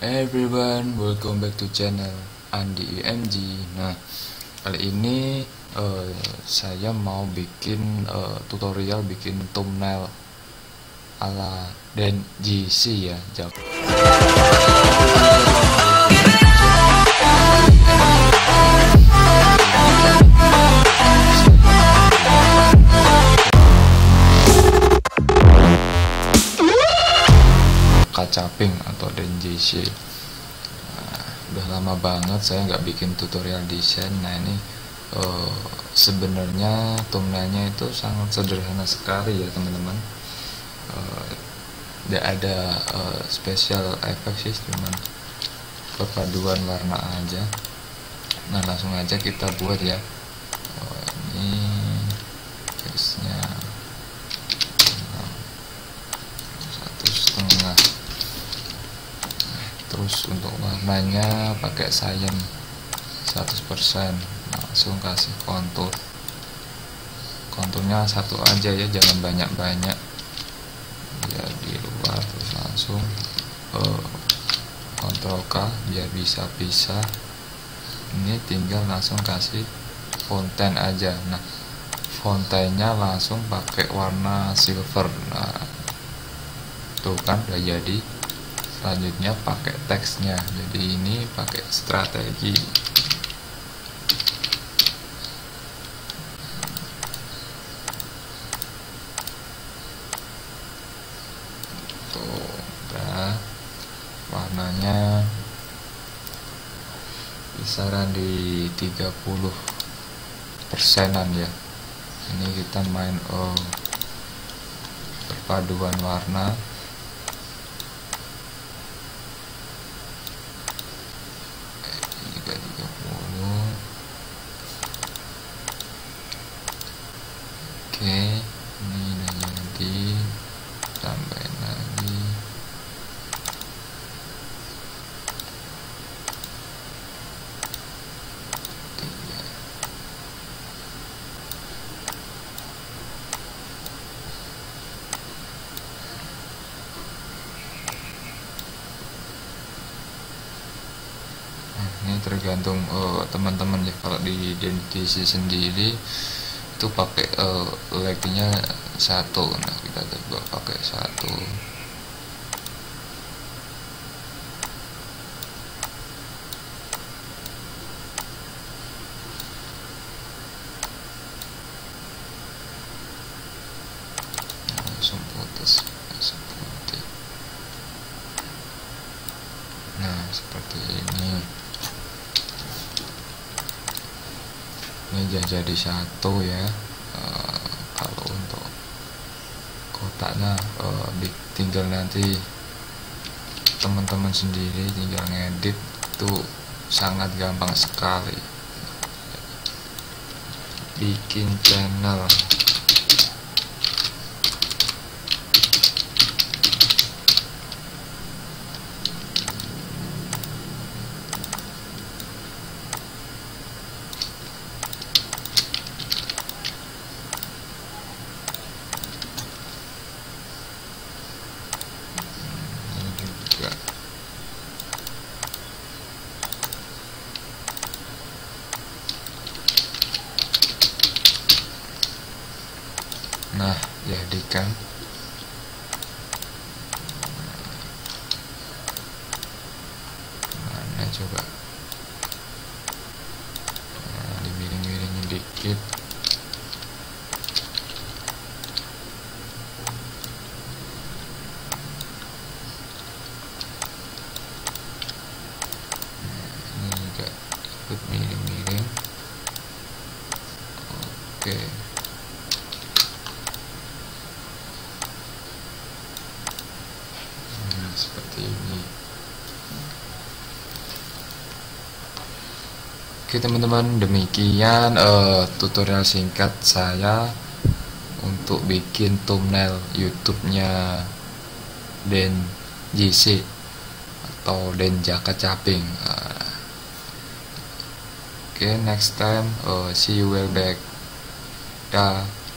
everyone, welcome back to channel Andi UMG. E nah, kali ini uh, saya mau bikin uh, tutorial bikin thumbnail ala dan GC ya. jawab. kacaping atau denjishi nah, udah lama banget saya nggak bikin tutorial desain nah ini uh, sebenarnya thumbnailnya itu sangat sederhana sekali ya teman-teman tidak -teman. uh, ada uh, special effect sih cuman perpaduan warna aja nah langsung aja kita buat ya oh, ini nya. terus untuk warnanya pakai cyan 100% langsung kasih kontur konturnya satu aja ya jangan banyak-banyak ya di luar terus langsung uh, kontrol K biar bisa bisa. ini tinggal langsung kasih fonten aja nah fontennya langsung pakai warna silver nah tuh kan udah jadi selanjutnya pakai teksnya jadi ini pakai strategi tuh warnanya kisaran di 30 persenan ya ini kita main oh, perpaduan warna oke ini udah jadi tambahin lagi tiga nah, ini tergantung oh, teman-teman oh, ya kalau di identity sendiri itu pakai uh, eh, lagnya satu nah kita coba pakai satu nah, langsung langsung nah seperti ini ini jadi satu ya e, kalau untuk kotaknya e, tinggal nanti teman-teman sendiri tinggal ngedit itu sangat gampang sekali bikin channel nah jadikan mana coba nah, dibiring-biringin dikit nah, miring-miring oke okay. Oke teman-teman demikian uh, tutorial singkat saya untuk bikin thumbnail YouTube-nya Den JC atau Den Jaka Caping. Uh, Oke okay, next time uh, see you well back. Dah.